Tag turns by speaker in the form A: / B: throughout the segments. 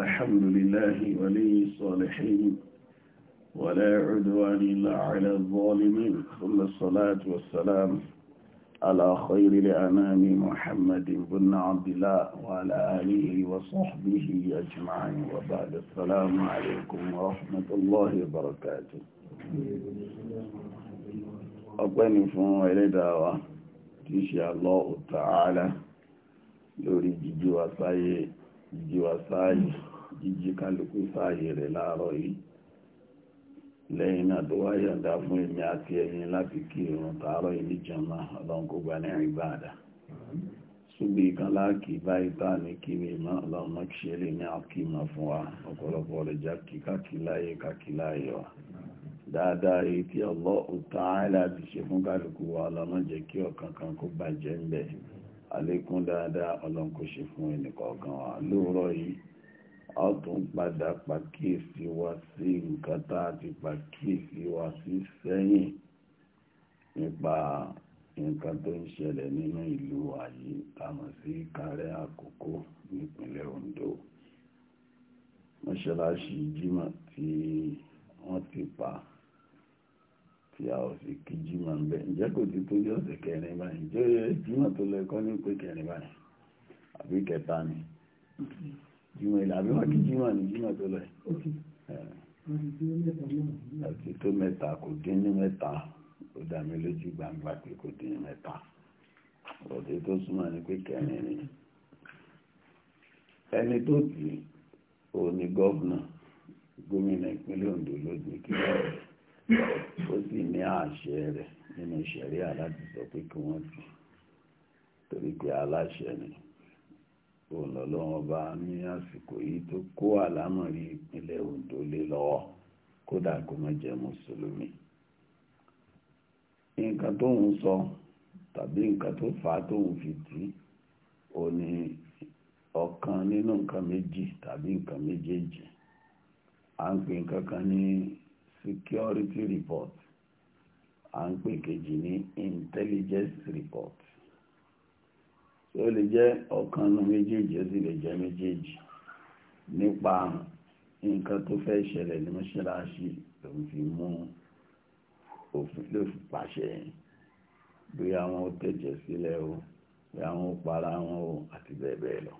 A: الحمد لله ولي الصالحين ولا عدوان إلا على الظالمين ثم الصلاة والسلام على خير لأمام محمد بن عبد الله وعلى آله وصحبه أجمعين وبعد السلام عليكم ورحمة الله وبركاته أقواني فهو إلي دعوة إن شاء الله تعالى لوري جيجي وصايه jíjí wa sáàyè jíjí kálukú sáàyè rẹ̀ yìí lẹyìn náà tó wá yọ̀ǹda fún èmi àti ẹyin láti kí irun tààrọ̀ yìí níjàmá gba ní ìbáàdà ṣùgbọ́n ìkan láàkì báyìí tá ní kí ni ìmọ̀ ọlọ́run má kí ṣe lè ní àkímọ̀ fún wa já kí wa dáadáa èyí tí ti ṣe fún kálukú wa kí kó ń àlékún dáadáa ọlọ́run kò ṣe fún ẹnìkọ̀ọ̀kan wa lóòrọ̀ yìí a tún padà pàkíyèsí wa sí nǹkan tá a ti pàkíyèsí wa sí sẹ́yìn nípa nǹkan tó ń ṣẹlẹ̀ nínú ìlú wa yìí a mọ̀ sí kárẹ́ àkókò nípínlẹ̀ Ondo mọ́ṣáláṣí Jímọ̀ tí wọ́n ti pa. tí a ò sì kí jímọ̀ ń bẹ ǹjẹ́ kò ti tó ní ọ̀sẹ̀ kẹrin báyìí ǹjẹ́ jímọ̀ tó lọ ẹ̀kọ́ ní pé kẹrin báyìí àbí kẹta ni jímọ̀ ilẹ̀ àbí kí jímọ̀ jímọ̀ tó lọ àti tó mẹ́ta kò dín ní mẹ́ta ó dá mi lójú gbangba pé kò dín ní mẹ́ta tó súnmọ́ ni pé kẹrin ni ẹni tó tì í òun ni gọ́vnà gómìnà ìpínlẹ̀ Ondo ló ní kí ó sì ní àṣẹ rẹ̀ nínú shari'a lati sọ pé kí wọ́n sì torí pé aláṣẹ ni òun lọ́lọ́wọ́ bá ní àsìkò yìí tó kó àlámọ̀rí ìpínlẹ̀ Ondo lé lọ́wọ́ kódà kó má jẹ́ mùsùlùmí nǹkan tó ń sọ tàbí nǹkan tó fà á tó ń fi tì í ò ní ọ̀kan nínú nǹkan méjì tàbí nǹkan méjèèjì à ń pè nǹkan kan Ni security report à ń pè kejì ní intelligence report tí ó lè jẹ́ ọ̀kan nu méjèèjì ó sì lè jẹ́ méjèèjì nípa nǹkan tó fẹ́ ṣẹlẹ̀ ní mọ́ṣáláṣí ló ń fi mú òfin ló fi pàṣẹ bí àwọn ó tẹ̀jẹ̀ sílẹ̀ o bí àwọn ó para wọn o àti bẹ́ẹ̀ bẹ́ẹ̀ lọ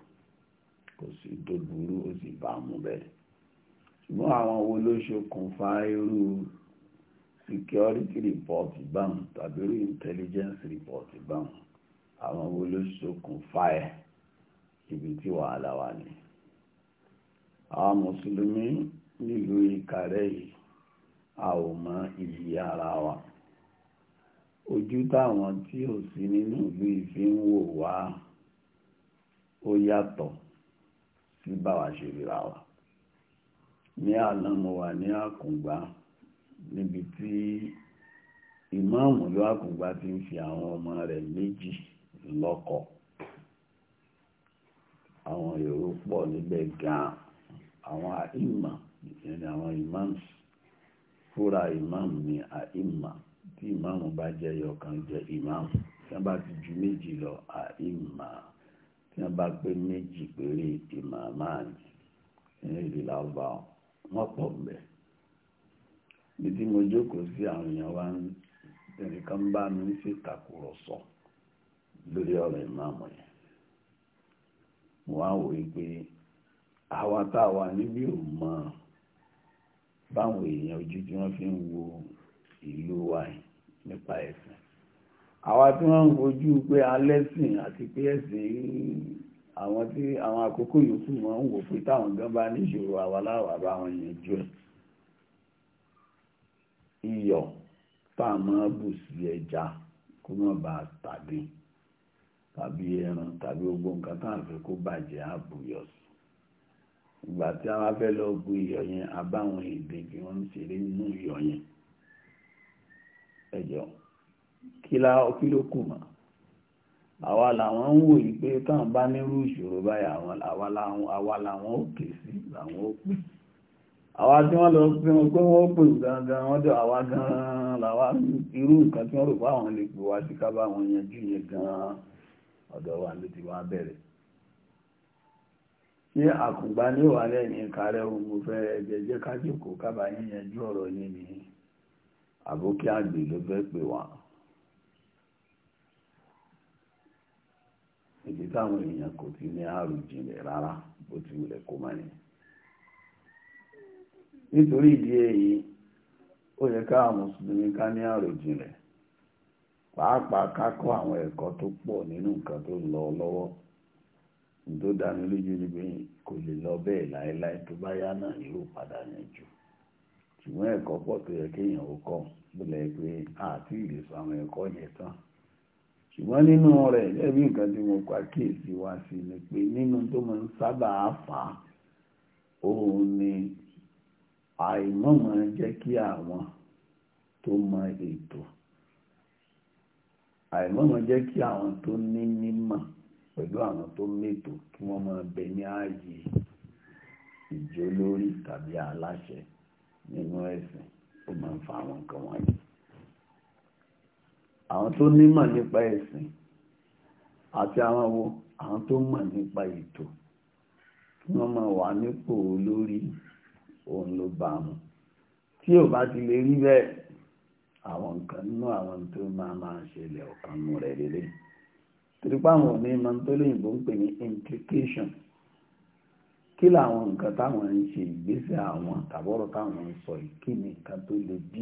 A: kò sí tó burú ó sì bá a mú bẹ́ẹ̀ ṣùgbọ́n àwọn wo ló ṣokùnfà irú security report báwọn tàbí irú intelligence report báwọn àwọn wo ló ṣokùnfà ẹ̀ ibi tí wàhálà wà ní. àwọn mùsùlùmí nílùú ìkàrẹ́ yìí a ò mọ iyì ara wa ojú táwọn tí ò sí nínú ìlú ìfi ń wò wá ó yàtọ̀ sí báwa ṣe ríra wa ní àná mo wà ní àkùngbá níbi tí ìmáàmù ló àkùngbá ti ń fi àwọn ọmọ rẹ̀ méjì lọ́kọ àwọn èrò pọ̀ níbẹ̀ gan àwọn àìmà ìṣẹ̀lẹ̀ àwọn imams fúra imam ni àìmà tí ìmáàmù bá jẹ́ yọkan jẹ́ ìmáàmù tí wọ́n bá ti ju méjì lọ àìmà tí wọ́n bá pé méjì péré ìmáàmù ní ìlú làwọn wọ́n pọ̀ bẹ́ẹ̀ ní tí mo jókòó sí àwọn èèyàn wa ń ẹnìkan bá mi ṣe ìtàkùrọ̀sọ lórí ọ̀rọ̀ ìmáàmù yẹn mo wá wò wípé àwa tá a wà níbí ò mọ báwọn èèyàn ojú tí wọ́n fi ń wo ìlú wa nípa ẹ̀sìn àwa tí wọ́n ń wojú pé alẹ́sìn àti pé ẹ̀sìn àwọn tí àwọn àkókò yòókù wọn ń wò pé táwọn gan bá níṣòro àwaláwà bá wọn yẹn jù ẹ iyọ̀ tá a máa bù sí ẹja kó má bàa tàbí tàbí ẹran tàbí gbogbo nǹkan tá à ń fẹ́ kó bàjẹ́ àbùyọ̀ sí ìgbà tí a wá fẹ́ lọ bu iyọ̀ yẹn a bá àwọn èdè bí wọ́n ṣeré nínú iyọ̀ yẹn ẹ̀jọ̀ kí ló kù mọ́ àwa làwọn ń wòye pé táwọn bá nírú ìṣòro báyìí àwa làwọn ó pè sí làwọn ó pè àwa tí wọ́n lọ pé wọ́n pé wọ́n pè gangan wọ́n jọ àwa gan-an làwa irú nǹkan tí wọ́n rò pé àwọn lè pè wá sí ká bá wọn yanjú yẹn gan-an ọ̀dọ̀ wa ló ti wá bẹ̀rẹ̀ ṣé àkùngbà ní ìwà lẹ́yìn kárẹ́ ohun fẹ́ jẹjẹ́ kájòkó kábàáyé yanjú ọ̀rọ̀ yìí ni àbókí àgbè ló fẹ́ pè wọ́n. ìdí táwọn èèyàn kò ti ní àrùn jìnlẹ̀ rárá bó ti wulẹ̀ kó má ní nítorí ìdí èyí ó yẹ káwọn mùsùlùmí ká ní àròjinlẹ̀ pàápàá ká àwọn ẹ̀kọ́ tó pọ̀ nínú nǹkan tó lọ lọ́wọ́ kò lè lọ bẹ́ẹ̀ láéláé tó bá yá náà yóò padà ṣùgbọ́n ẹ̀kọ́ pọ̀ tó yẹ kéèyàn ó kọ́ bó lẹ pé àti ṣùgbọ́n nínú rẹ̀ ẹbí nǹkan tí mo kọ́ kíyèsí wá sí ni pé nínú tó máa ń sábà fà á òun ni àìmọ̀ máa jẹ́ kí àwọn tó mọ ètò àìmọ̀ máa jẹ́ kí àwọn tó ní mímọ̀ pẹ̀lú àwọn tó mètò kí wọ́n máa bẹ ní ààyè ìjólórí tàbí aláṣẹ nínú ẹ̀sìn ó máa ń fa àwọn nǹkan wọ̀nyí àwọn tó nímọ̀ nípa ẹ̀sìn àti àwọn wo àwọn tó mọ̀ nípa ètò wọ́n máa wà nípò olórí òun ló bá mu tí ò bá ti lè rí bẹ́ẹ̀ àwọn nǹkan nínú àwọn tó máa máa ṣẹlẹ̀ ọ̀kan mú rẹ̀ lélẹ̀ torípá àwọn òní máa tó lóyìnbó ń pè ní implication kí làwọn nǹkan táwọn ń ṣe ìgbésẹ̀ àwọn tàbọ̀rọ̀ táwọn ń sọ yìí kí ni nǹkan tó lè bí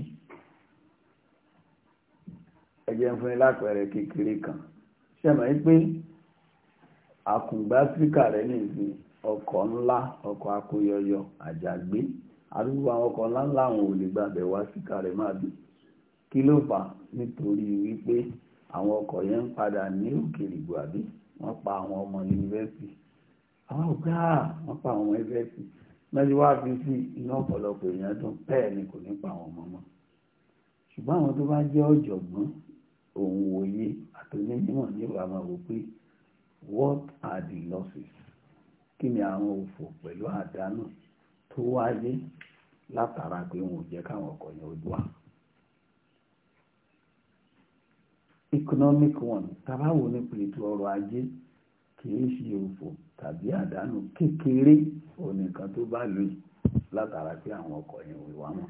A: ẹjẹ́ ń fún ní lápẹẹrẹ kékeré kan ṣẹ́mọ̀ yí pé àkùngbà áfíríkà rẹ̀ ní ìsìn ọkọ̀ ńlá ọkọ̀ akóyọyọ àjàgbé àdúgbò àwọn ọkọ̀ ńlá ńlá àwọn ò lè gbàbẹ̀ wá síkà rẹ̀ má bí kí ló fà nítorí wípé àwọn ọkọ̀ yẹn ń padà ní òkèèrè gbàbí wọ́n pa àwọn ọmọ yunifásitì àwọn ọ̀gá wọ́n pa àwọn yunifásitì mẹ́rin wá fi sí iná ọ̀pọ̀lọpọ̀ èèyàn dún bẹ́ẹ̀ ni kò ní pa àwọn ọmọ mọ́ ṣùgbọ́n àwọn tó bá jẹ́ ọ̀jọ̀gbọ́n òwòye àtònínímọ̀ níwà máa wò pé what are the losses kí ni àwọn òfò pẹ̀lú àdánù tó wáyé látara pé wọn ò jẹ́ káwọn ọkọ̀ yẹn ó dùn economic one tabawo nípa ètò ọrọ̀ ajé kìí ṣe òfò tàbí àdánù kékeré onìkan tó bá lè látara pé àwọn ọkọ̀ yẹn ò wá mọ́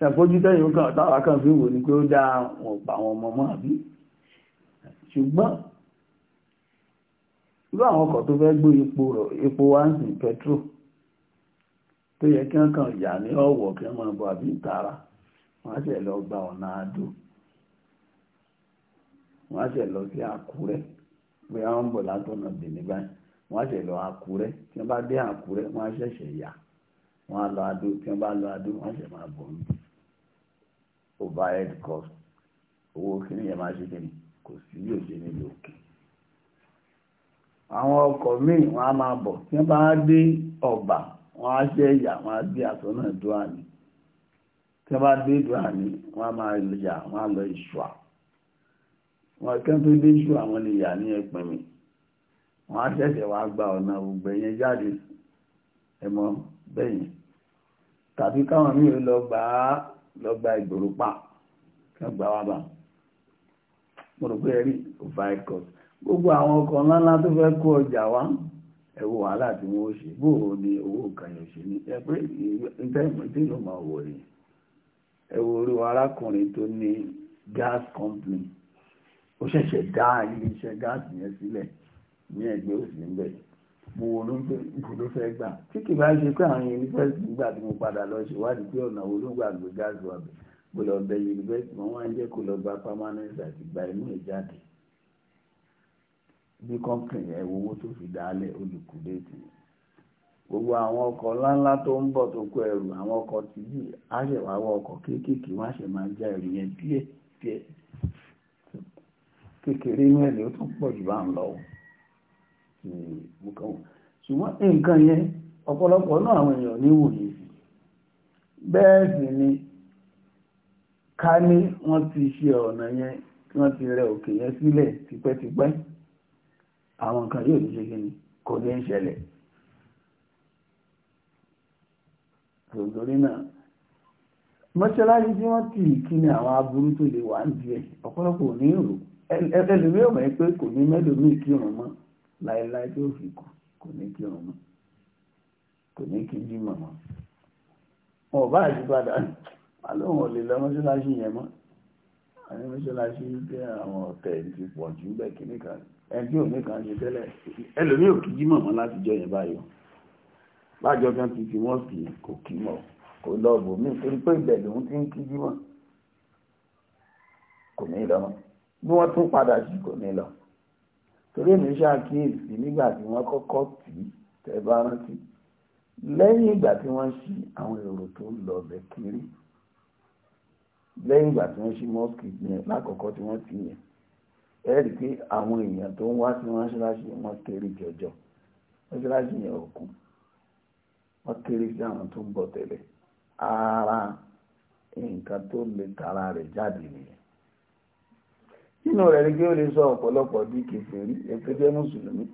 A: ṣàpójú tẹ́yìn kan táwà kan fi wò ní pé ó dá wọn pa àwọn ọmọ mọ́ àbí ṣùgbọ́n irú àwọn ọkọ̀ tó fẹ́ gbé epo rọ̀ epo wá ń sìn petro tó yẹ kí wọ́n kàn yà ní ọ̀wọ̀ kí wọ́n máa bọ̀ àbí ìtara wọ́n á ṣẹ̀ lọ gba ọ̀nà àdó wọ́n á ṣẹ̀ lọ sí àkúrẹ́ pé àwọn ń bọ̀ látọ̀nà bìnní báyìí wọ́n á ṣẹ̀ lọ àkúrẹ́ tí wọ́n bá dé àkúrẹ́ wọ́n á ṣẹ̀ṣẹ̀ yà wọ́n á lọ àdó tí wọ́n bá lọ àdó wọ́n ṣẹ̀ máa bọ̀ níbi overhead cost owó kíní yẹn máa ṣe kíní kò sí bí òṣè nílò òkè àwọn ọkọ̀ míì wọ́n á máa bọ̀ tí wọ́n bá dé ọ̀bà wọ́n á ṣe ẹ̀yà wọ́n á gbé àtọ́ náà dúró àmì tí wọ́n bá dé dúró àmì wọ́n á máa yà wọ́n á lọ ìṣùà wọ́n kẹ́ tó dé ìṣùà wọ́n lè yà ní ẹ̀pìn mi wọ́n á ṣẹ̀ṣẹ̀ wá gba ọ̀nà ògbẹ́ yẹn jáde ẹ̀mọ́ bẹ́yìn tàbí káwọn míì lọ gbà á lọ́gbà ìgboro pa kàn gbà wá bà mo rò pé ẹ̀rí kò fa ẹ̀kọ́ gbogbo àwọn ọkọ̀ ńláńlá tó fẹ́ kó ọjà wá ẹ wo wàhálà tí wọ́n ṣe bóò ni owó kàyàn ṣe ní ẹgbẹ́ ìtẹ́ìmọ̀ tí yóò máa wọ̀ rí ẹ wo orí arákùnrin tó ní gas company ó ṣẹ̀ṣẹ̀ dá ilé iṣẹ́ gáàsì yẹn sílẹ̀ ní ẹgbẹ́ òsì ń bẹ̀rẹ̀ wo ló ń pè ìbò ló fẹ́ gbà tí kì bá ṣe pé àwọn yunifásitì nígbà tí mo padà lọ ṣèwádìí pé ọ̀nà wo ló gbà gbé gáàsì wà bẹ̀ mo lọ bẹ yunifásitì wọn wá ń jẹ́ kó lọ gba permanent àti gba inú ẹ̀ jáde bí kọ́ńpìn ẹ̀ owó tó fi dálẹ̀ olùkúdéètì gbogbo àwọn ọkọ̀ ńláńlá tó ń bọ̀ tó kó ẹrù àwọn ọkọ̀ tí yìí á ṣe ọkọ̀ kéékèèké wá ṣe máa já ẹrù yẹn díẹ̀ díẹ̀ kékeré náà ló tún pọ̀ jù bá ń lọ́wọ́ nǹkan wọn ṣùgbọ́n nǹkan yẹn ọ̀pọ̀lọpọ̀ náà àwọn èèyàn níwòye ni ká ní wọ́n ti ṣe ọ̀nà yẹn kí wọ́n ti rẹ òkè yẹn sílẹ̀ tipẹ́tipẹ́ àwọn nǹkan yóò ní ṣe kí ni kò ní ṣẹlẹ̀ tòǹtòrí náà tí wọ́n tì kí ni àwọn aburú tó lè wà ń di ẹ̀ ọ̀pọ̀lọpọ̀ ní rò ẹlẹ́lùmí ò mọ̀ kò ní mẹ́lòmí kírun mọ́ láéláé tó fi kù kò ní kí òun mọ́ kò ní kí jí mọ̀ mọ́ wọn ò bá àti padà wà lóun ò lè lọ mọ́ṣáláṣí yẹn mọ́ àwọn mọ́ṣáláṣí jẹ́ àwọn ọ̀tẹ̀ ti pọ̀ jù bẹ́ẹ̀ kí nìkan ẹni tí òun nìkan ṣe tẹ́lẹ̀ ẹlòmíì ò kí jí mọ̀ mọ́ láti jọ yẹn báyọ̀ bájọ kan ti fi wọ́n kì í kò kí mọ̀ kò lọ bò mí torí pé ibẹ̀ lòun ti ń kí jí mọ̀ kò ní lọ bí wọ́n tún padà sí kò ní lọ torí èmi ṣàkíyèsí nígbà tí wọ́n kọ́kọ́ tì í tẹ́ bá rántí lẹ́yìn ìgbà tí wọ́n ṣí àwọn èrò tó ń lọ ọ̀bẹ kiri lẹ́yìn ìgbà tí wọ́n ṣí mọ́ọ̀kì yẹn lákọ̀ọ́kọ́ tí wọ́n ti yẹn ẹ rí i pé àwọn èèyàn tó ń wá sí mọ́ṣáláṣí wọ́n kéré jọjọ mọ́ṣáláṣí yẹn ò kún kéré sí àwọn tó ń bọ̀ tẹ́lẹ̀ ara nǹkan tó lè tara rẹ̀ jáde nìyẹn nínú rẹ̀ rí pé ó lè sọ ọ̀pọ̀lọpọ̀ di kèfèrí ètò jẹ́ mùsùlùmí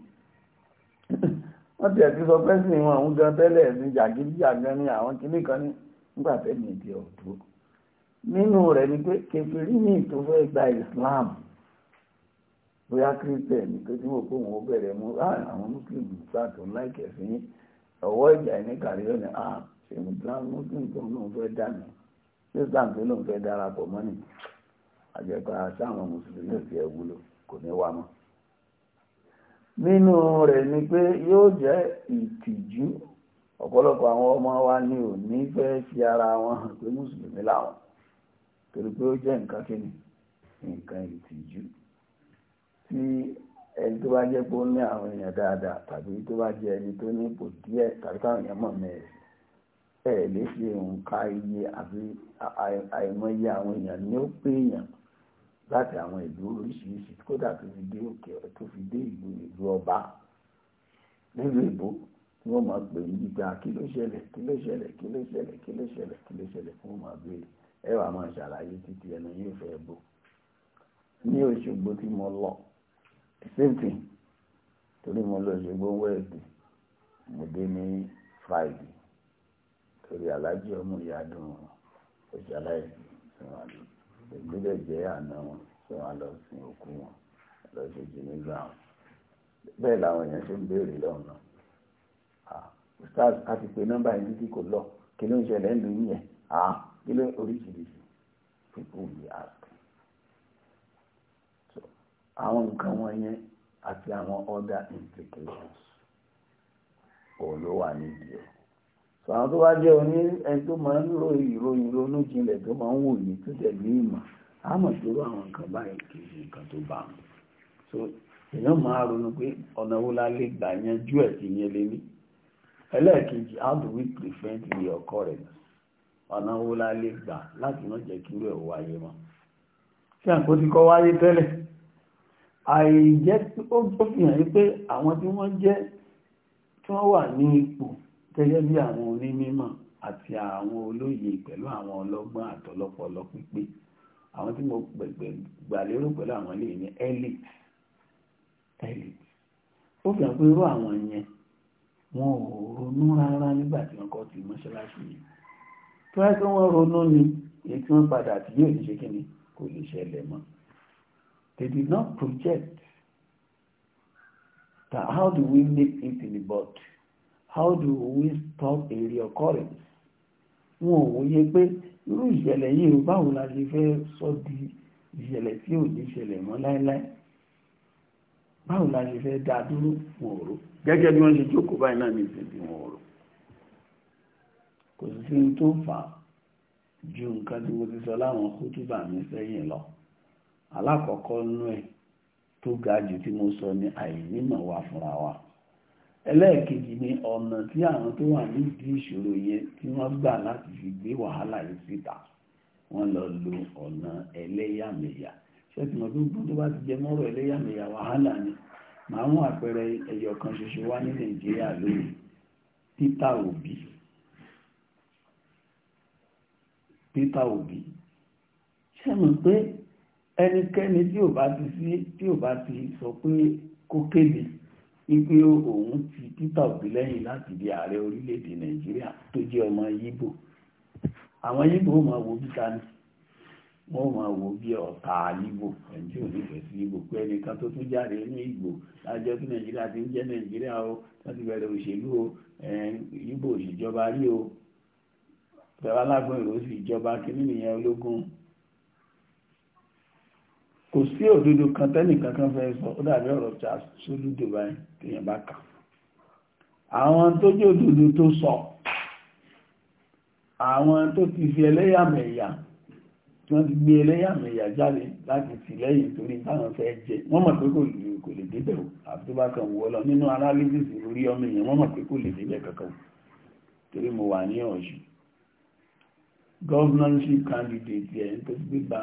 A: wọ́n ti ẹ̀tí sọ pẹ́sìn wọn àwọn gan tẹ́lẹ̀ ní jàgídíjàgan ní àwọn kinní kan ní nígbà tẹ́lẹ̀ ìdí ọ̀dọ́ nínú rẹ̀ ni pé kèfèrí ní tó fẹ́ gba Islam bóyá kírísítẹ̀nì tó tí mo kó wọn bẹ̀rẹ̀ mú ah, àwọn mùsùlùmí sáà tó ń láìkẹ̀ sí ọwọ́ ìjà ní kàríyọ́ ni ah, ṣe mùsùlùmí tó ń lòun fẹ́ dà mí ṣé tó lòun fẹ́ darapọ̀ mọ́ nìyí àjẹgbà sáwọn mùsùlùmí ò tiẹ̀ wúlò kò ní wá mọ́ nínú rẹ̀ ni pé yóò jẹ́ ìtìjú ọ̀pọ̀lọpọ̀ àwọn ọmọ wa ni ò ní fẹ́ fi ara wọn hàn pé mùsùlùmí làwọn torí pé ó jẹ́ nǹkan kíni nǹkan ìtìjú tí ẹni tó bá jẹ́ pé ó ní àwọn èèyàn dáadáa tàbí tó bá jẹ́ ẹni tó ní ipò díẹ̀ tàbí táwọn èèyàn mọ̀ mẹ́rin ẹ̀ lè ṣe nǹka iye àbí àìmọye àwọn èèyàn ni ó pé èèyàn láti àwọn ìlú oríṣiríṣi kódà tó fi dé òkè tó fi dé ìlú ìlú ọba nílùú ìbò tí wọ́n máa pè ní gbígbà kí ló ṣẹlẹ̀ kí ló ṣẹlẹ̀ kí ló ṣẹlẹ̀ kí ló ṣẹlẹ̀ kí ló ṣẹlẹ̀ fún wọn máa béèrè ẹ wàá máa ṣàlàyé títí ẹnu yóò fẹ́ bò ní Òṣogbo tí mo lọ same thing torí mo lọ Òṣogbo wẹ́ẹ̀dì mo dé ní Friday torí alájí ọmọ ìyá dùn ọjà láìsí ìwádìí ìgbélé jẹ́ àná wọn tí wọ́n lọ sin òkú wọn lọ sí jìnnìgbà wọn bẹ́ẹ̀ làwọn èèyàn ṣe ń béèrè lọ́nà stars a ti pe nọ́mbà yìí tí kò lọ kí ló ń ṣẹlẹ̀ ń lu yẹn ah kí ló oríṣiríṣi people will ask so àwọn nǹkan wọ̀nyẹn àti àwọn other implications òun ló wà nídìí o. àwọn tó bá jẹ́ oní ẹni tó máa ń ro ìròyìn ronú jinlẹ̀ tó máa ń wò ní tó tẹ̀lé ìmọ̀ àmọ̀ tó rọ àwọn nǹkan báyìí nǹkan tó bá so èèyàn máa ronú pé ọ̀nà wo la lè gbà yanjú ẹ̀ ti yẹn ní ẹlẹ́ẹ̀kejì how do we prevent the occurrence ọ̀nà wo ti kọ́ wáyé tẹ́lẹ̀ àìjẹ́ ó pé àwọn tí wọ́n jẹ́ tí wọ́n wà ní ipò gẹ́gẹ́ bí àwọn onímímọ̀ àti àwọn olóye pẹ̀lú àwọn ọlọ́gbọ́n àtọlọ́pọlọ pípé àwọn tí mo gbà lérò pẹ̀lú àwọn ilé ní elite elite ó fi hàn pé irú àwọn yẹn wọn ò ronú rárá nígbà tí wọ́n kọ́ ti mọ́ṣáláṣí yìí tó yẹ kí wọ́n ronú ni èyí tí wọ́n padà tí yóò ní ṣe kí ni kò lè ṣẹlẹ̀ mọ́ they did not project that how do we make it in the body how do we stop a reoccurrence wọn ò wòye pé irú ìṣẹ̀lẹ̀ yìí ó báwo la ṣe fẹ́ sọ di ìṣẹ̀lẹ̀ tí ò ní ṣẹlẹ̀ mọ́ láéláé báwo la ṣe fẹ́ dá dúró wọn ò rò gẹ́gẹ́ bí wọ́n ṣe jókòó báyìí náà ní ìsinmi wọn ò rò kò sí sí tó fà ju nǹkan tí mo ti sọ láwọn kútùbà mi sẹ́yìn lọ alákọ̀ọ́kọ́ nú ẹ̀ tó ga jù tí mo sọ ní àìnímọ̀ wa fúnra wa ẹlẹ́ẹ̀kejì ni ọ̀nà tí àwọn tó wà nídìí ìṣòro yẹn tí wọ́n gbà láti fi gbé wàhálà yìí síta wọ́n lọ lo ọ̀nà ẹlẹ́yàmẹ̀yà ṣẹ́tì mọ̀ tó gbọ́n tó bá ti jẹ mọ́rọ̀ ẹlẹ́yàmẹ̀yà wàhálà ni màá mú àpẹẹrẹ ẹyọ kan ṣoṣo wá ní nàìjíríà lónìí Peter Obi Peter Obi ṣe mọ̀ pé ẹnikẹ́ni tí ò bá ti sí tí ò bá ti sọ pé kó kéde wípé òun ti Peter Obi lẹ́yìn láti di ààrẹ orílẹ̀-èdè Nàìjíríà tó jẹ́ ọmọ Yíbò àwọn Yíbò ó máa wo bíta ni wọ́n máa wo bí ọ̀tá Yíbò ẹni tí ò nífẹ̀ẹ́ sí Yíbò pé ẹnìkan tó tún jáde ní Ìgbò lájọ́ tí Nàìjíríà ti ń jẹ́ Nàìjíríà o láti bẹ̀rẹ̀ òṣèlú o Yíbò òṣèjọba rí o pẹ̀lú alágbọ̀n ìròsì ìjọba kínní nìyẹn ológun kò sí òdodo kan tẹ́nìkan kan fẹ́ sọ ó dàbí ọ̀rọ̀ Charles Soludo báyìí téèyàn bá kà àwọn tó jẹ́ òdodo tó sọ àwọn tó ti fi ẹlẹ́yàmẹ̀yà tí wọ́n ti gbé ẹlẹ́yàmẹ̀yà jáde láti tìlẹ́yìn torí táwọn fẹ́ jẹ wọ́n mọ̀ pé kò lè kò débẹ̀ o àfi tó bá kàn wọ́ lọ nínú analysis lórí ọmọ èèyàn wọ́n mọ̀ pé kò lè débẹ̀ kankan torí mo wà ní Ọ̀ṣun Governorship candidate ẹ̀ tó gbé gba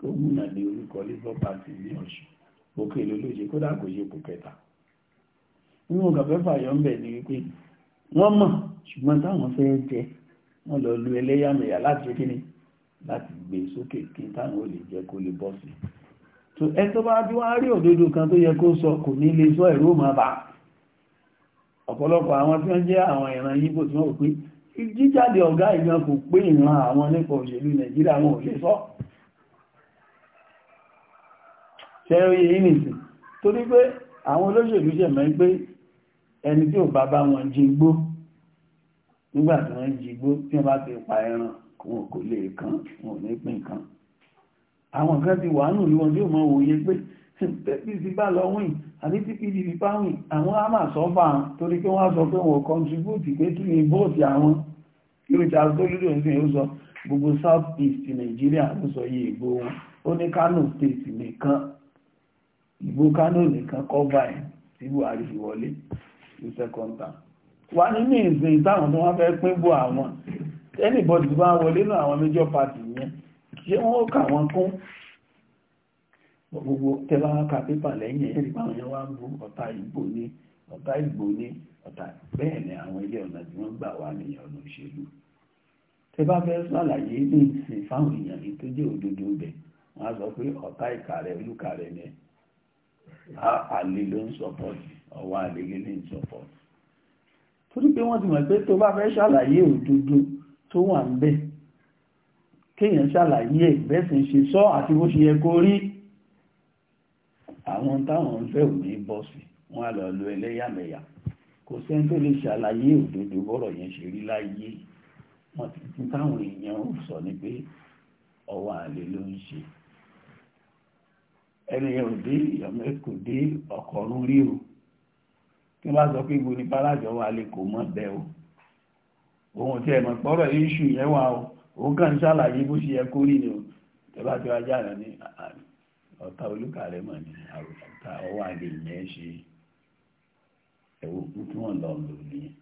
A: gómìnà ní orúkọ labour party ní ọ̀ṣun òkè lólóṣe kódà kò ṣe kò kẹta nínú ọ̀gàfẹ́fà yọ̀ǹbẹ̀ ni wípé wọ́n mọ̀ ṣùgbọ́n táwọn fẹ́ jẹ wọ́n lọ lu ẹlẹ́yàmẹ̀yà láti kí ni láti gbé sókè kí táwọn ò lè jẹ́ kó lè bọ́ sí so ẹ tó bá bí wọ́n á rí òdodo kan tó yẹ kó sọ kò ní lè sọ ẹ̀rú ò máa bà ọ̀pọ̀lọpọ̀ àwọn tí wọ́n jẹ́ àwọn ìran yíbò tí wọ́n rò jíjáde ọ̀gá ìgbọ́n kò pé ìran àwọn nípa òṣèlú nàìjíríà wọn ò lè sọ ṣẹ́rí ìnìsì torí pé àwọn olóṣèlú ṣẹ̀mọ́ pé ẹni tí ò bá bá wọn jígbó nígbà tí wọ́n jígbó tí wọ́n bá ti pa ẹran wọn kò lè kan wọn ò ní pín kan àwọn kan ti wà nù ní wọn tí ó mọ òye pé pẹ̀lú bá lọ wìn àbí tí pdp bá wìn àwọn á máa sọ fà án torí pé wọ́n á sọ pé wọ́n kọntribútì pé kí ni vóòtì àwọn yóò ti àgbó lórí òǹsìn ó sọ gbogbo south east Nàìjíríà ló sọ iye ìbò wọn ó ní Kano state nìkan ìbò Kano nìkan kọ́ba ẹ̀ tí Buhari fi wọlé ní second term wà nínú ìsìn táwọn tó wọ́n fẹ́ pín bò àwọn anybody bá wọlé náà àwọn major party yẹn ṣé wọ́n kà wọ́n kún gbogbo tẹ́lá ka pépà lẹ́yìn ẹ̀rí báwọn yẹn wá ń bú ọ̀tá ìgbò ní ọ̀tá ìgbò ní ọ̀tá bẹ́ẹ̀ ni àwọn ilé ọ̀nà tí wọ́n gbà wá nìyẹn ọ̀nà òṣèlú tẹ bá fẹ́ sàlàyé ní ìsìn fáwọn èèyàn ní tó jẹ́ òdodo bẹ̀ wọ́n á sọ pé ọ̀tá ìka rẹ̀ olùka rẹ̀ ni àlè ló ń sọpọ́ọ̀tì ọwọ́ àlè ló ń sọpọ́ọ̀tì torí pé wọ́n ti mọ̀ pé tó bá fẹ́ ṣàlàyé òdodo tó wà ń bẹ̀ kéèyàn ṣàlàyé ẹ̀ bẹ́sìn ṣe sọ àti bó ṣe yẹ kó rí àwọn táwọn ń fẹ́ ò ní bọ́ sí wọn á lọ lo ẹlẹ́yàmẹ̀yà kò sẹ́ni tó lè ṣàlàyé òdodo bọ́rọ̀ yẹn ṣe rí láyé wọn ti ti táwọn èèyàn ń sọ ni pé ọwọ́ àlè ló ń ṣe ẹni yẹn ò kò dé ọkọ̀ọ̀rún rí o kí wọ́n bá sọ pé ibo ni bálájọ wà lè kò mọ́ bẹ́ẹ̀ o òun ti ẹ̀mọ̀ pọ́rọ̀ iṣu yẹn wà o òun kàn ń ṣàlàyé bó ṣe yẹ kó rí ni o tẹ́lá tí wàá jáde ní ọ̀tá olúkà rẹ̀ mọ̀ ní àròkúta ọwọ́ àgbè yẹn ṣe ẹ̀wọ̀ òkú tí wọ́n lọ lò nìyẹn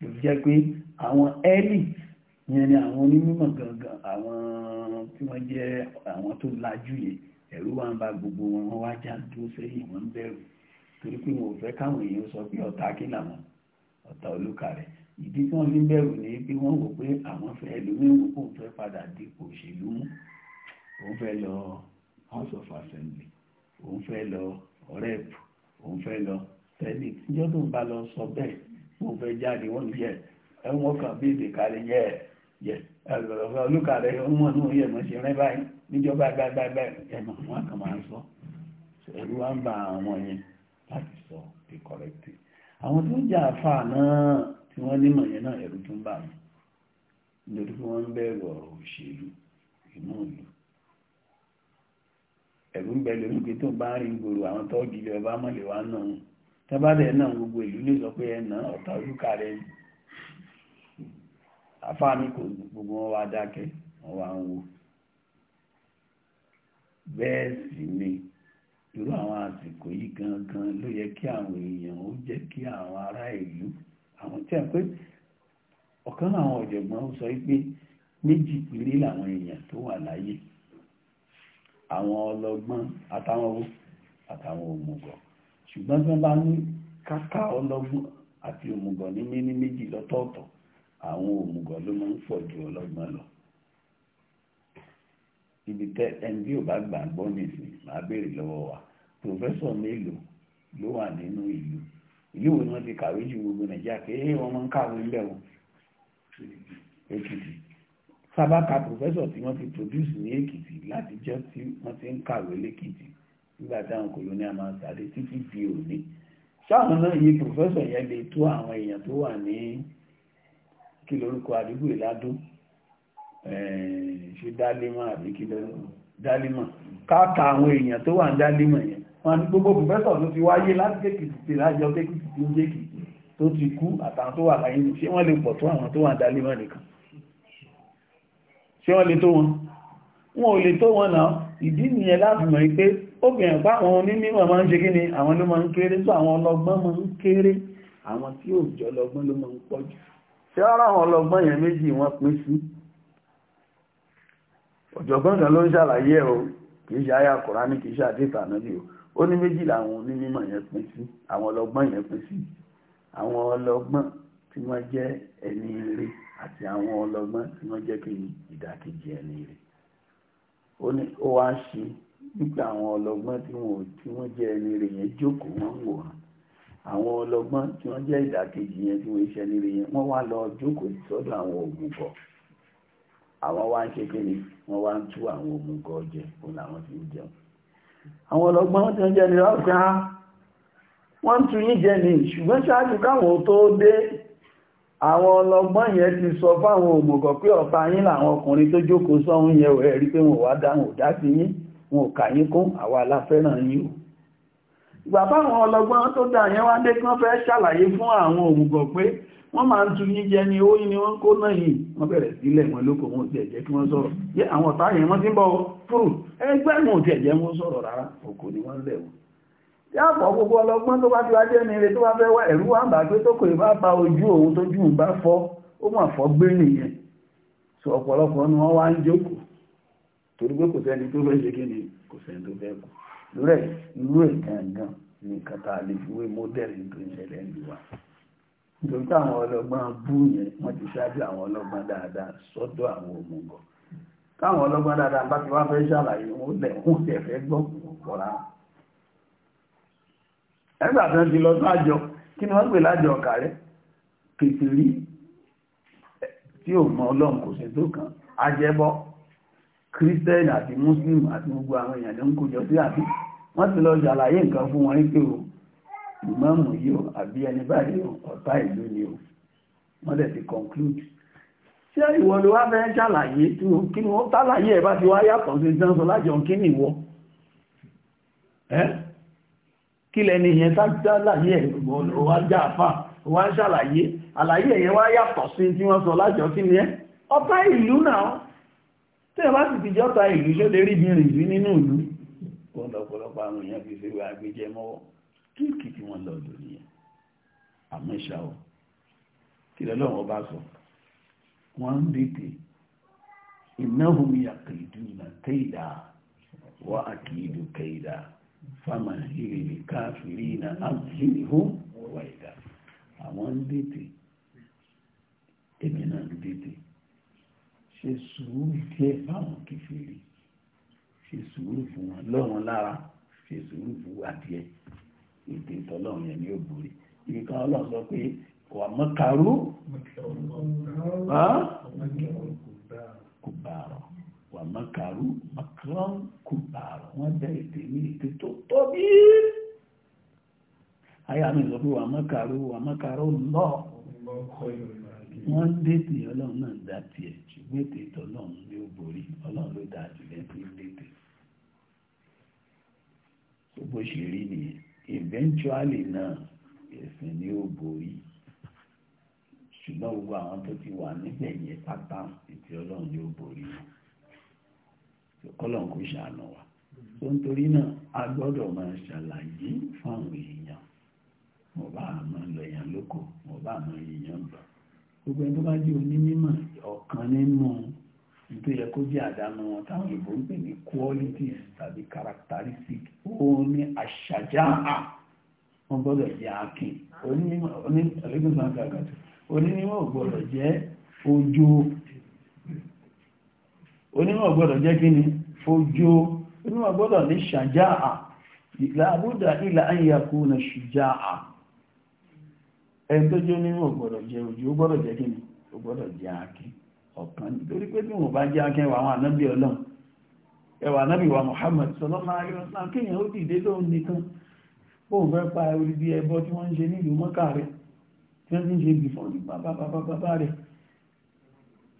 A: ló fi jẹ́ pé àwọn ẹ́lì yẹn ni àwọn onímọ̀ gangan àwọn tí wọ́n jẹ́ àwọn tó lajú yẹn ẹ̀rú wa ń ba gbogbo wọn wọ́n wá já dúró sẹ́yìn wọ́n ń bẹ̀rù torí pé wọn ò fẹ́ káwọn èèyàn sọ pé ọ̀tá kí làwọn ọ̀tá olúkà rẹ̀ ìdí tí wọ́n fi ń bẹ̀rù ni pé wọ́n wò pé àwọn fẹ́ ẹlòmíràn kò fẹ́ padà dípò òṣèlú mú òun fẹ́ lọ house of assembly òun fẹ́ lọ rep òun fẹ́ lọ senate níjọ́ tó ń bá lọ sọ bẹ́ẹ̀ òun fẹ́ jáde wọ́n ní yẹ ẹ̀wọ̀n kan bí èdè kárí yẹ yẹ ẹ̀rọ̀lọ́fẹ́ olùkàrẹ́ ọmọ náà yẹ mọ̀ ṣe rẹ́ báyìí níjọba gbágbágbá ẹ̀mọ̀ wọn kàn máa ń sọ ẹ̀rú wa ń ba àwọn yẹn láti sọ the correct thing àwọn tó ń jà àfa náà tí wọ́n nímọ̀ yẹn náà ẹ̀rú tó ń bà wọ́n nítorí wọ́n ń bẹ̀rù ọ̀rọ̀ òṣèlú inú ìlú ẹ̀rù ń bẹ lórí pé tó bá ń rìn gbòòrò àwọn ọba mọ̀lẹ̀ gbogbo ìlú lè sọ pé ẹ̀nà ọ̀tá rẹ̀ afáàmì kò gbogbo wọn wá dákẹ́ wọn wá ń wo bẹ́ẹ̀ gangan ló yẹ kí àwọn èèyàn ó jẹ́ kí àwọn ará ìlú àwọn tí a pé ọ̀kan àwọn ọ̀jọ̀gbọ́n sọ pé méjì péré làwọn èèyàn tó wà láyé àwọn ọlọ́gbọ́n àtàwọn owó àtàwọn òmùgọ̀ ṣùgbọ́n tí wọ́n bá ní káká ọlọ́gbọ́n àti òmùgọ̀ ní méní méjì lọ́tọ̀ọ̀tọ̀ àwọn òmùgọ̀ ló máa ń pọ̀ ju ọlọ́gbọ́n lọ ibi tẹ ẹni tí ò bá gbà ń gbọ́ nìsín máa béèrè lọ́wọ́ wa pòfẹ́sọ̀ mélòó ló wà nínú ìlú ìlú wo ni wọ́n ti kàwé ju gbogbo nàìjíríà pé wọ́n máa ń kàwé ńbẹ̀ o sábàkà pòfẹ́sọ̀ tí wọ́n ti produce ní èkìtì láti jẹ́ tí wọ́n ti ń kàwé lẹ́kìtì nígbà táwọn colonial máa ń sáré títí di òní sáwọn náà iye pòfẹ́sọ̀ yẹn lè tó àwọn èèyàn tó wà ní kí lórúkọ àdúgbò ìládó ṣe dálímọ̀ àbí kí lórúkọ dálímọ̀ káàkà àwọn èèyàn tó wà ní dálímọ̀ yẹn wọ́n ní gbogbo pòfẹ́sọ̀ tó ti wáyé láti kékìtì ti lájọ kékìtì tí ń jẹ́kìtì tó ti kú àtàwọn tó wà láyé ṣé wọ́n lè pọ̀ tó àwọn tó wà ní dálímọ̀ nìkan ṣé wọ́n lè tó wọn wọn ò lè tó wọn náà ìdí nìyẹn láti mọ̀ pé obìnrin bá àwọn onímọ̀ máa ń ṣe kí ni àwọn ló máa ń kéré tó àwọn ọlọ́gbọ́n máa ń kéré àwọn tí ò jọ ọlọ́gbọ́n ló máa ń pọ̀ jù ṣé ọ̀rọ̀ àwọn ọlọ́gbọ́n yẹn méjì wọ́n pín sí ọ̀jọ̀gbọ́n kan ló ń ṣàlàyé ẹ̀ o kì í ṣe àyà Kùránì kì í ṣe àdìsá náà o ó ní méjì làwọn onímọ̀ yẹn pín sí àwọn ọlọ́gbọ́n yẹn pín sí àwọn ọlọ́gbọ́n tí wọ́n jẹ́ ẹni rere àti àwọn ọlọ́gbọ́n tí wọ́n jẹ́ kí ìdàkejì ẹni rẹ̀ ó ní ó wá ṣe nígbà àwọn ọlọ́gbọ́n tí wọ́n tí wọ́n jẹ́ ẹni rẹ̀ yẹn jókòó wọ́n ń wòran àwọn ọlọ́gbọ́n tí wọ́n jẹ́ ìdàkejì yẹn tí wọ́n ṣe ẹni rẹ̀ yẹn wọ́n wá lọ jókòó sọ́dọ̀ àwọn òmùgọ̀ àwọn wá ń ṣe kí ni wọ́n wá ń tú àwọn òmùgọ̀ jẹ òun làwọn fi ń jẹun àwọn ọlọ́gbọ́n tí wọ́n jẹ́ ẹni rẹ̀ ah, wọ́n ń tú yín jẹ ni ṣùgbọ́n ṣáájú káwọn tó dé àwọn ọlọ́gbọ́n yẹn ti sọ fáwọn òmùgọ̀ pé ọ̀tá yín làwọn ọkùnrin tó jókòó sọ́hún yẹn ẹ̀ rí pé wọn wá dáhùn ò dá sí yín wọn ò kà yín kún àwa la yín o ìgbà fáwọn ọlọ́gbọ́n tó dà yẹn wá dé kí fẹ́ ṣàlàyé fún àwọn òmùgọ̀ pé wọ́n máa ń tu yín jẹ ni ó yín ni wọ́n kó náà yìí wọ́n bẹ̀rẹ̀ sílẹ̀ wọn lóko wọn ti ẹ̀jẹ̀ kí wọ́n sọ̀rọ̀ yé àwọn ọ̀tá yẹn wọ́n ti ń bọ̀ fúrù ẹgbẹ́ wọn ti ẹ̀jẹ̀ wọn sọ̀rọ̀ rárá òkò ni wọ́n lẹ̀ wọn yàbọ̀ gbogbo ọlọ́gbọ́n tó bá fi wájú ẹni rẹ̀ tó bá fẹ́ wá ẹ̀rú wà ń bà pé tó kò ìbá ba ojú òun tó jù bá fọ́ ó mà fọ́ gbé nìyẹn so ọ̀pọ̀lọpọ̀ ni wọ́n wá ń jókòó torí pé kò sẹ́ni tó fẹ́ ṣe kí ni kò sẹ́ni tó fẹ́ kù lórẹ̀ ìlú ẹ̀ gangan ní kàtà lè fi wé mọ́dẹ̀lì tó ń ṣẹlẹ̀ ń lù wá nítorí táwọn ọlọ́gbọ́n bú yẹn wọ́n ti ṣáájú àwọn ọlọ́gbọ́n dáadáa sọ́dọ̀ àwọn òmùgọ̀ táwọn ọlọ́gbọ́n dáadáa bá ti wá fẹ́ ṣàlàyé wọn lẹ̀ kún tẹ̀fẹ́ gbọ́ ọ̀pọ̀ ẹgbà tán ti lọ sájọ kí ni wọ́n pè lájọ ọ̀kà rẹ̀ kìtìrí tí ò mọ ọlọ́run kò ṣe tó kan ajẹ́bọ́ kírísítẹ́nì àti muslim àti gbogbo àwọn èèyàn ló ń kójọ sí àbí wọ́n ti lọ ṣàlàyé nǹkan fún wọn pé o ìmáàmù yìí àbí ẹni báyìí o ọ̀tá ìlú ni o wọ́n dẹ̀ ti conclude ṣé ìwọ ló wá fẹ́ ṣàlàyé tí o kí ni wọ́n tàlàyé ẹ̀ bá ti wá yàtọ̀ sí sánsan lájọ kí ni ìwọ ẹ́ kí lẹni yẹn sájá láyé ọwájá àfà wá ń ṣàlàyé àlàyé ẹ̀yẹn wá yàtọ̀ sí tí wọ́n sọ lájọ́ sí ni ẹ́ ọ̀tá ìlú náà tí ẹ bá sì ti jẹ́ ọ̀tá ìlú ṣó lè rí bí rìn sí nínú ìlú ọ̀pọ̀lọpọ̀ àwọn èèyàn fi ṣèwé agbẹjẹ́ mọ́wọ́ kíkì tí wọ́n lọ lò nìyẹn àmọ́ ìṣà kí lọ́lọ́wọ́ bá sọ wọ́n ń dìtì ìnáhùn yàtọ̀ ìdúnà kéìdá wọ́n àkìdù kéìdá fama ìrìnlẹ̀ káàfìrí iná àmìlìhó wà ìdá àwọn ń dètè èmi náà ń dètè ṣe sùúrù díẹ̀ fáwọn kìfìrí ṣe sùúrù fún wọn lọ́wọ́n lára ṣe sùúrù fún adìẹ ètò ìtọ́lọ́run yẹn ni ó borí ìkan ọlọ́run sọ pé wà mọ́kàrú kò bá rọ̀ wà mọ́kàrú mọ́kàrán kò bàrọ̀ wọ́n dá ètè ní ètè tó tóbi ayé àmì ìsọ pé wà mọ́kàrú wà mọ́kàrú lọ wọ́n dètè ọlọ́run náà dá tiẹ̀ ṣùgbọ́n ètè tọ́lọ́run ní ó borí ọlọ́run ló dáa jù lẹ́tí dètè bó ṣe rí nìyẹn eventually náà ẹ̀sìn ni ó borí ṣùgbọ́n gbogbo àwọn tó ti wà níbẹ̀ yẹn pátá ìtì ọlọ́run ni ó borí wọn kọ́lọ̀n kò ṣàánú wa tó ń torí náà a gbọ́dọ̀ máa ṣàlàyé fáwọn èèyàn mo bá àmọ́ lọ èèyàn lóko mo bá àmọ́ èèyàn bọ̀ gbogbo ẹni tó bá jẹ́ onímọ̀ ọ̀kan nínú tó yẹ kó jẹ́ àdánù wọn táwọn ìbò ń pè ní qualities tàbí characteristics ó ní àṣàjáà wọn gbọ́dọ̀ jẹ́ akin onímọ̀ onímọ̀ onímọ̀ jẹ́ ojú onímọ̀ gbọ́dọ̀ jẹ́ kí ni fojú onímọ̀ gbọ́dọ̀ ní ṣàjáà ìlàbúdà ìlà ayàkú na ṣùjáà ẹni tó jẹ́ onímọ̀ gbọ́dọ̀ jẹ́ ojú ó gbọ́dọ̀ jẹ́ kí ni ó gbọ́dọ̀ jẹ́ akẹ́ ọ̀kan nítorí pé bí wọ́n bá jẹ́ akẹ́ wà àwọn ànábì ọlọ́run ẹwà ànábì wa Muhammad sallallahu alaihi wasallam kéèyàn ó dìde lóhun nìkan ó fẹ́ pa orí bí ẹbọ tí wọ́n ń ṣe nílùú mọ́kà rẹ̀ tí wọ́n ti ń ṣe bìfọ́ ní bàbá bàbá rẹ̀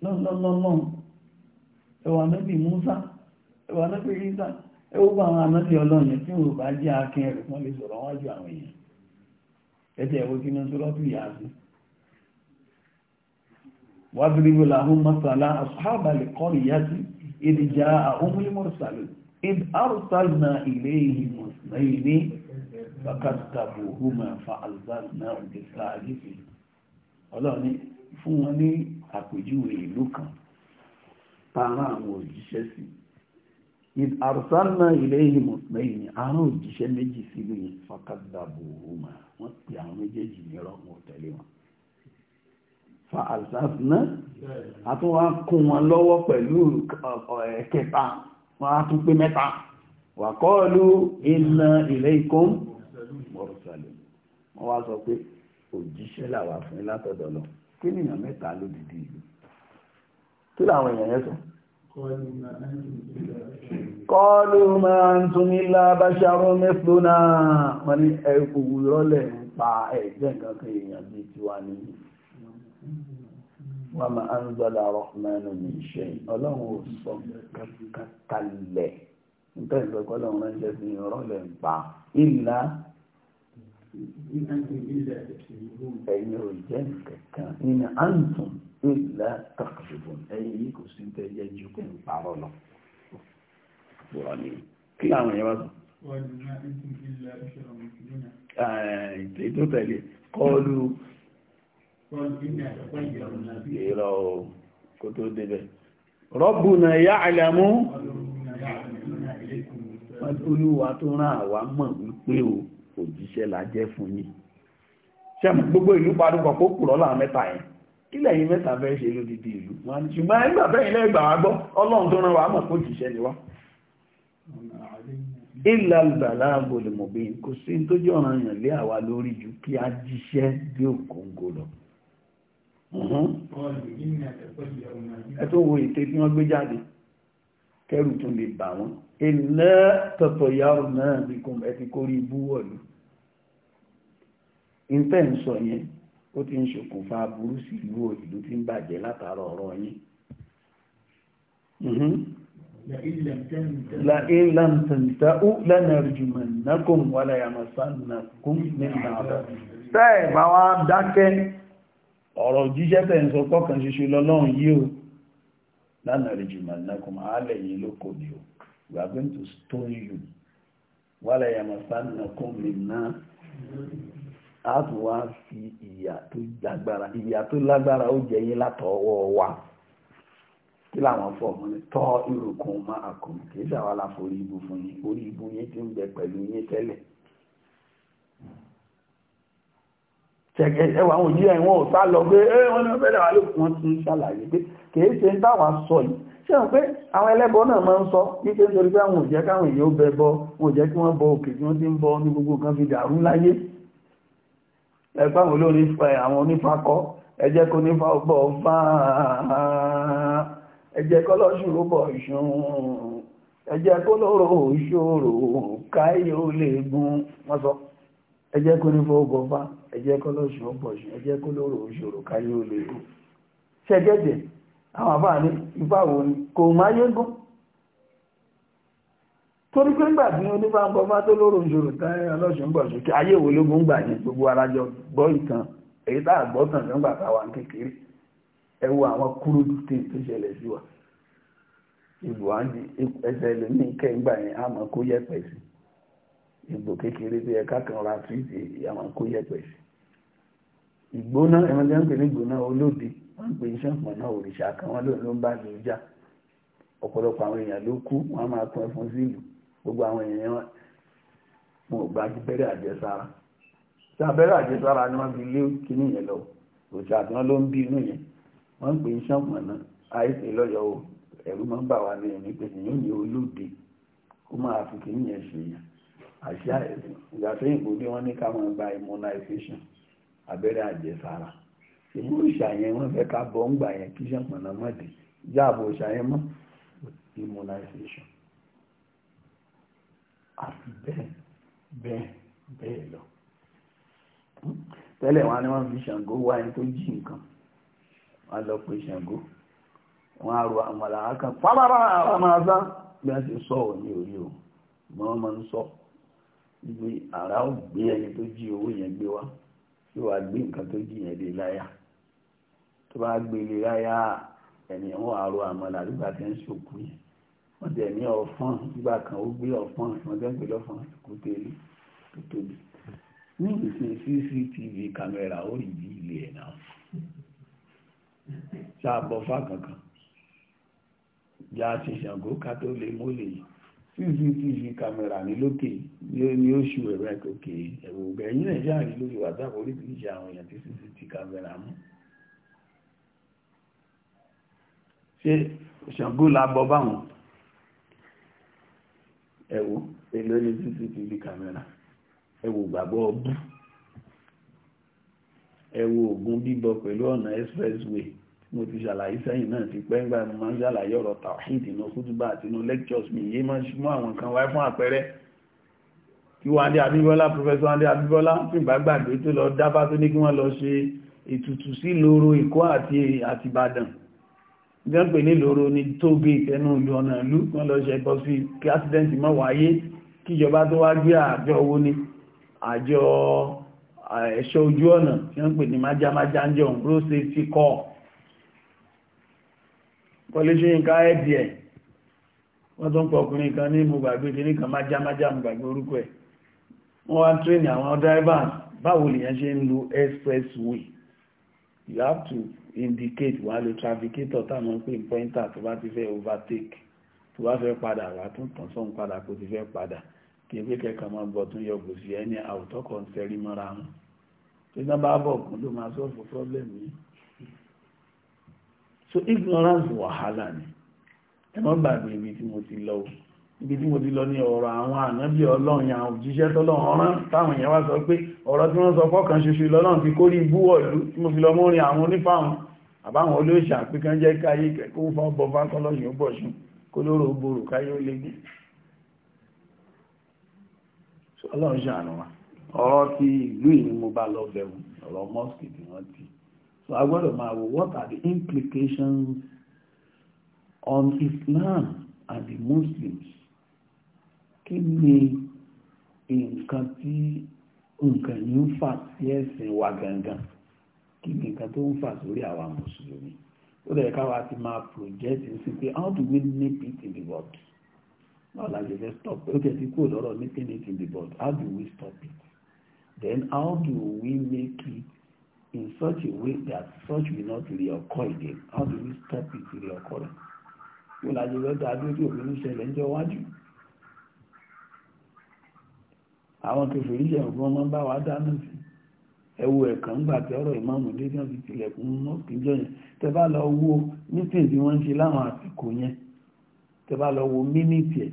A: lọ́nlọ́lọ́lọ́run ẹwà nẹ́bì Musa ẹwà nẹ́bì Isa ẹwọ́gbà àwọn anẹ́bì ọlọ́run tí wọ́n bá jẹ́ akin rẹ̀ wọ́n lè sọ̀rọ̀ wájú àwọn èèyàn ẹ̀tẹ̀ ẹ̀wọ́ kí ní sọ́rọ́tù yà sí wàdúrígbò làhún masala asábàlì kọ́rì yá sí ìdíjà àhúnmí mọ́sàlù id arsalna ilayhi tààrà àwọn òjíṣẹ́ sí ìdàrúsánà ilé ìmọ̀sílẹ̀ ni àwọn òjíṣẹ́ méjì sí ní fàkàdàbò òhùnmá wọ́n pè àwọn méjèèjì nírọ̀ wọn tẹ̀lé wọn fa àlùsáfínà àtúnwá kún wọn lọ́wọ́ pẹ̀lú ẹ̀kẹta wọn á tún pé mẹ́ta wà kọ́ọ̀lù iná ilé ikún mọ̀rùsàlẹ̀ wọ́n wá sọ pé òjíṣẹ́ làwà fún látọ̀dọ̀ lọ kí nìyàn mẹ́ta lódìdí ìlú kí làwọn èèyàn yẹn sọ kọlu ma ń tún nílá bá ṣàrún mẹ́fúnà wọ́n ní ẹ̀kù rọ́lẹ̀ pa ẹ̀jẹ́ nǹkan èèyàn bí wà ma ń zọ́lá rọ́kùnmẹ́nu ní iṣẹ́ ọlọ́run sọ ìlà tàkìbùn ẹ̀yìn yìí kò sí tẹ́ yẹ ju pé ń parọ́ lọ. Bọ̀rọ̀ ni kí àwọn yẹn wá sọ. Ètò tó tẹ̀lé kọlu ìrọ̀ kó tó débẹ̀. Rabbuna ya'lamu olúwa tó rán àwa mọ̀ wípé o òjíṣẹ́ la jẹ́ fún yín. Ṣé gbogbo ìlú padùkọ̀ kó kùrọ̀ láàmẹ́ta yẹn? kí lẹ́yìn mẹ́ta fẹ́ ṣe lódìdí ìlú wọn ni ṣùgbọ́n nígbà fẹ́yìn lẹ́gbà wá gbọ́ ọlọ́run tó rán wa mọ̀ kó jìṣẹ́ ni wá ìlà ìgbàlá agolèmọ̀bí kò sí tó jọ ọ̀ràn yàn lé àwa lórí ju kí a jíṣẹ́ bí òkòǹgò lọ ẹ tó wo ète tí wọ́n gbé jáde kẹrù tún lè bà wọ́n iná tọ̀tọ̀ yàrá náà bí kò ẹ ti kórí ìfẹ́ ń sọ yẹn ó ti ń ṣokùnfà burú sí ìlú ìlú tí ń bàjẹ́ látara ọ̀rọ̀ yín. Mhm. la ilam tantau lanarjumannakum wala yamassannakum nínú àbá. tẹ́ ẹ̀ bá wá dákẹ́ ọ̀rọ̀ jíjẹ́ tẹ̀ ń sọ pọ́kàn ṣoṣo lọ́lọ́run yìí o lanarjumannakum àálẹ̀ yìí ló kò ní o we are going to stone you wala yamassannakum nínú a tún wá fi ìyà tó lágbára ìyà tó lágbára ó jẹ yín látọwọ́ wa kí làwọn fọmọ ní tọ́ ìrùkùn má àkùn kì í ṣàwọn aláforí ibu fún yín orí ibu yín ti ń bẹ pẹ̀lú yín tẹ́lẹ̀ ẹwà àwọn òyìn ẹ̀wọ̀n ò sá lọ pé wọ́n ní fẹ́lẹ̀ wà ló wọ́n ti ń ṣàlàyé pé kìí ṣe ń táwà sọ yìí ṣe wọ́n pé àwọn ẹlẹ́bọ náà máa ń sọ wípé nítorí pé àwọn òjẹ́ káwọn èèyàn ó bẹ bọ wọn ò jẹ́ kí wọ́n bọ òkè tí wọ́n ti ń bọ ní gbogbo nǹkan fi dàrú láyé ẹgbẹ́ àwọn olórin àwọn onífà kọ́ ẹjẹ́ kó nífà ọgbọ̀ fà ẹjẹ́ kọ́ lọ́ṣùrò bọ̀ ṣùn ẹjẹ́ kó lọ́rọ̀ òṣòro káyé ó lè gun wọ́n sọ ẹjẹ́ kó nífà ọgbọ̀ fà ẹjẹ́ kọ́ lọ́ṣùrò bọ̀ ṣùn ẹjẹ́ kó lọ́rọ̀ òṣòro káyé ó lè gún torí pé ńgbà tí oníbàbọ̀ bá tó lóró ìṣòro tán ọlọ́ṣun bọ̀ sókè ayé wo ló gbóngbà yìí gbogbo arájọ gbọ́ ìtàn èyí tá àgbọ́ tàn nígbà táwa ń kékeré ẹ wo àwọn kúrúdù tí tó ṣẹlẹ̀ sí wa ìlú àǹdí ẹsẹ̀ ẹlòmíì kẹ́ńgbà yẹn á mọ̀ kó yẹpẹ̀ sí ìgbò kékeré tí ẹ kákan ra túwìtì ìyá mọ̀ kó yẹpẹ̀ sí ìgbóná ẹ̀mọ́tẹ́ náà òrìṣà gbogbo àwọn èèyàn wọn ò gba abẹ́rẹ́ àjẹsára tí abẹ́rẹ́ àjẹsára ni wọ́n fi lé kíní yẹn lọ òṣà tí wọ́n ló ń bí inú yẹn wọ́n ń pè é ṣàpọ̀nà àìsè lọ́yọ̀ o ẹ̀rú máa ń bà wá lẹ́yìn nípa ènìyàn ní olóde kó máa fi kíní yẹn ṣe yẹn àṣà ẹ̀sìn ìgbà sẹ́yìn kò dé wọ́n ní ká máa gba immunization abẹ́rẹ́ àjẹsára èyí òṣà yẹn wọ́n fẹ́ ká bọ́ ń gbà yẹn kí ṣàpọ̀nà mọ́ dé jáàbò òṣà yẹn mọ́ immunization àti bẹ́ẹ̀ bẹ́ẹ̀ bẹ́ẹ̀ lọ tẹ́lẹ̀ wọn ni wọ́n fi ṣàngó wá ẹni tó jí nǹkan wọ́n lọ pé ṣàngó wọ́n á ro àmàlà kan pálára àmàlà bí wọ́n ti sọ ọ̀ ní orí o mọ́ ọmọ ń sọ gbé ara ó gbé ẹni tó jí owó yẹn gbé wá yóò wá gbé nǹkan tó jí yẹn dé láyà tó bá gbé lé láyà ẹni wọn á àmàlà nígbà tí ń ṣòkú yẹn wọ́n tẹ̀ ní ọ̀fọ́n nígbà kan ó gbé ọ̀fọ́n wọ́n tẹ́ ń pè lọ́fọ́n kútélé tó tóbi ní ìsìn cctv kámẹ́rà ó rí bí ilé ẹ̀ náà ṣáàbọ̀ fákankan ya ṣìṣàngó ká tó lè mólè cctv kámẹ́rà ní lókè ní oṣù ẹ̀rọ ẹ̀kọ́kẹ́ ẹ̀wò gbẹ̀yìn rẹ̀ yáà rí lórí wàtàkùn oríṣiríṣi àwọn èèyàn tí cctv kámẹ́rà mú ṣe ṣàngó la bọ báwọn ẹ wò èlò ní cctv camera ẹ wò gbàgbọ́ ọbú ẹ wò ògùn bíbọ pẹ̀lú ọ̀nà expressway mo ti ṣàlàyé sẹ́yìn náà ti pẹ́ ńgbà mo máa ń ṣàlàyé ọ̀rọ̀ tawhid inú kútùbà àti inú lectures mi yé máa ń mú àwọn nǹkan wáyé fún àpẹẹrẹ kí wọ́n adé abíbọ́lá professor adé abíbọ́lá fìgbà gbàgbé tó lọ dábàá tó ní kí wọ́n lọ ṣe ètùtù sí lóró èkó àti àtìbàdàn jẹ́pẹ̀ nílòrò ní tógate ẹnu ìlú ọ̀nà ìlú wọ́n lọ ṣe ẹ̀kọ́ sí kí ásídẹ́ǹtì má wáyé kíjọba tó wá gbé àjọ owó ní àjọ ẹ̀ṣọ́ ojú ọ̀nà tí wọ́n pè ní májámájá ń jẹun road safety corps kọlẹ́ṣọ́ yínká ẹ̀dì ẹ̀ wọ́n tó ń pọ̀ ọkùnrin kan ní mo gbàgbé kìíní kan májámájá mo gbàgbé orúkọ ẹ̀ wọ́n wá tírẹ̀nì àwọn drivers báwo lèèyàn ṣe ń lo expressway you have to indicate while lè travicator táwọn pè ní pointer tó bá ti fẹ́ overtake tó bá fẹ́ padà wà tún tàn sóhun padà kó ti fẹ́ padà kí ewé kẹkàn máa bọ̀ tún yọ gbòsì auto àwùtọ́ kan tẹrí mọ́ra wọn tí wọ́n bá bọ̀ kún ló máa sọ́ọ̀fù problem yìí so ignorance wàhálà ni ẹ má gbàgbé ibi tí mo ti lọ ibi tí mo ti lọ ní ọ̀rọ̀ àwọn ànábì ọlọ́run àwọn òjíṣẹ́ tọ́lọ́run ọ̀rán táwọn èèyàn wá sọ pé ọ̀rọ̀ tí wọ́n sọ fọ́kàn ṣoṣo lọ́lọ́run ti kórí ibúwọ̀ ìlú tí mo fi lọ mọ́rin àwọn onífàwọn àbáwọn olóòṣà pé kán jẹ́ káyé kó fọ́n bọ́ fákọ́lọ́yìn ó bọ̀ṣun kó lóró gbòòrò káyé ó lé ọlọ́run so a gbọ́dọ̀ what are the implications on Islam and the Muslims kí ni nǹkan tí nǹkan yìí ń fà sí ẹ̀sìn wa gangan kí ni nǹkan tó ń fà sórí àwa mùsùlùmí ó dẹ̀ káwa ti máa project sí pé how do we nip it in the bud báwo la ṣe fẹ́ stop ó jẹ́ ti kúrò lọ́rọ̀ nipping it in the bud how do we stop it then how do we make it in such a way that such will not reoccur again how do we stop it reoccurring báwo la ṣe fẹ́ dá dúró tí òfin ń ṣẹlẹ̀ ń jọ wájú àwọn kẹfìrí ṣe nǹkan ọmọ bá wa dáná sí ẹwọ ẹ̀kan gbà tí ọ̀rọ̀ ìmáàmù dé tí wọ́n fi tilẹ̀kùn mọ́kìjọ yẹn tẹ bá lọ wo mítìn tí wọ́n ń ṣe láwọn àsìkò yẹn tẹ bá lọ wo mínítì ẹ̀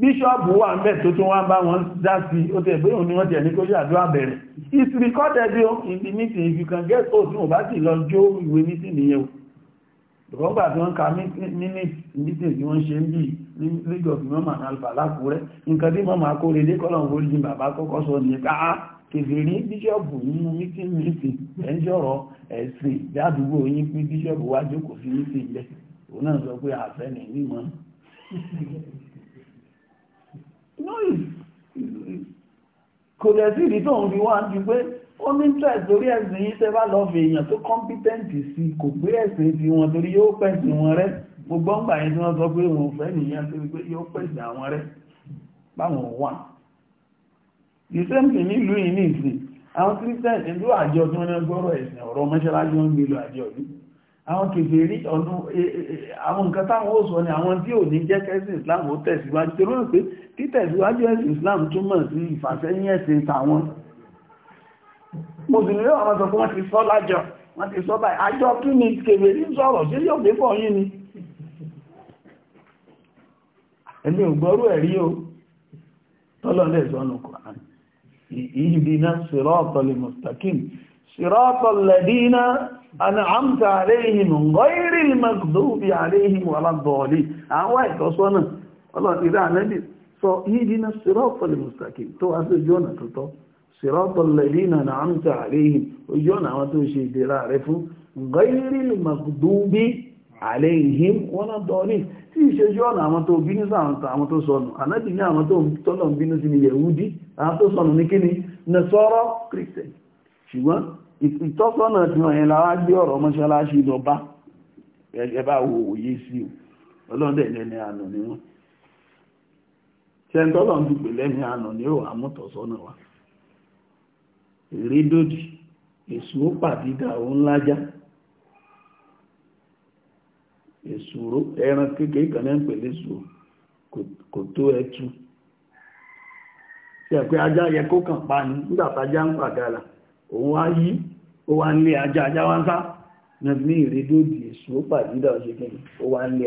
A: bíṣọ́ọ̀bù wà ń bẹ̀ tó tún wá bá wọn dá sí ó tẹ̀ pé òun ni wọ́n tẹ̀ ní kó ṣàdúrà bẹ̀rẹ̀ it's recorded in the meeting if you can get hold tí wọ́n bá sì lọ jó ìwé mítìn nìyẹn o ìkọ́gbà tí wọ́n ka mítìn tí wọ́n ṣe ń bí lẹ́gbọ̀ fi mọ́mà náà alfà lákúrẹ́ nǹkan tí mọ́mà kó lè dé kọ́lọ̀ orí jìn bàbá kọ́kọ́ sọ ní káà ah, kèfè rí bíṣọ́ọ̀bù nínú mítìn mítìn ẹ̀ńjọ́rọ̀ ẹ̀sìn jádùúgbò yín pín bíṣọ́ọ̀bù wá jókòó sí ó ní interest lórí ẹ̀sìn yìí tẹ́ bá lọ́ọ̀fì èèyàn tó competent sí kò gbé ẹ̀sìn ti wọn torí yóò pẹ̀sì wọn rẹ́ gbogbo ọgbà yẹn tí wọ́n sọ pé wọn fẹ́ nìyẹn torí pé yóò pẹ̀sì àwọn rẹ́ báwọn wà ìsẹ́ǹtì nílùú yìí ní ìsìn àwọn christian ìlú àjọ tí wọ́n ní gbọ́rọ̀ ẹ̀sìn ọ̀rọ̀ mọ́ṣáláṣí wọn gbé lọ àjọ yìí àwọn kèfèrí ọdún e, e, e, àwọn nǹkan táwọn ó sọ ni àwọn tí ò ní jẹ́ kẹ́sìn islam ó tẹ̀síwájú torí pé títẹ̀síwájú ẹ̀sìn islam túmọ̀ sí ìfàsẹ́yìn ẹ̀sìn tàwọn mùsùlùmí yóò àwọn sọ pé wọ́n ti sọ lájọ wọ́n ti sọ báyìí àjọ kí ni kèrè ní sọ̀rọ̀ sí yóò gbé fọ́ yín ni ẹni ò gbọ́rú ẹ̀rí o tọ́lọ́ lè sọ nù Kùránì ìhìdínà sírọ́ọ̀tọ̀ lè mustaqim sírọ́ọ̀tọ̀ lẹ́dínà an'amta aléhìm ghayril maghdubi aléhìm wàlábọ̀ọ̀lì àwọn ìtọ́sọ́nà ọlọ́tìrí ànẹ́bì sọ sirata alladhina an'amta alayhim ojú ọ̀nà àwọn tó ṣe ìdẹ̀ra rẹ fún ghayril maghdubi alayhim wala dalin tí ìṣẹ́jú ọ̀nà àwọn tó bínú sí àwọn tó sọnù ànábì ní àwọn tó tọ́lọ̀ ń bínú sí ni yẹ̀húdí àwọn tó sọnù ní kíni nasara kírísítẹ̀ ṣùgbọ́n ìtọ́sọ́nà tí wọ́n yẹn láwá gbé ọ̀rọ̀ mọ́ṣáláṣí lọ bá ìrédòdì èsù ó pàdídà ó ńlájá èṣùró ẹran kékeré kan náà ń pè léṣù kò tó ẹtu ṣe pé ajá yẹ kó kàn pa ní nígbàtájá ń òun wá yí ó wá nílé ajá ajá wá ń sá ní ìrédòdì èsù ó pàdídà ó ó wá nílé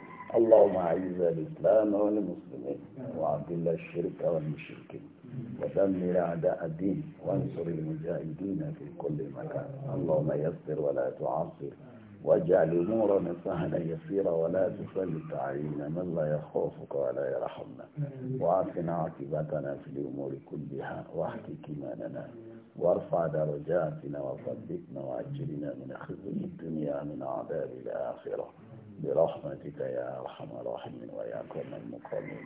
A: اللهم أعز الإسلام والمسلمين وأذل الشرك والمشركين ودمر أعداء الدين وانصر المجاهدين في كل مكان اللهم يسر ولا تعصر واجعل أمورنا سهلا يسيرا ولا تسلط علينا من لا يخافك ولا يرحمنا وعافنا عاقبتنا في الأمور كلها واحكي كماننا وارفع درجاتنا وصدقنا وعجلنا من خزي الدنيا من عذاب الآخرة برحمتك يا أرحم الراحمين ويا أكرم المكرمين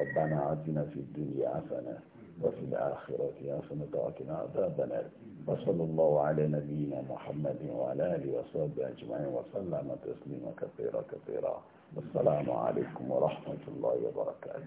A: ربنا آتنا في الدنيا حسنة وفي الآخرة حسنة وقنا عذاب النار وصلى الله على نبينا محمد وعلى آله وصحبه أجمعين وسلم تسليما كثيرا كثيرا والسلام عليكم ورحمة الله وبركاته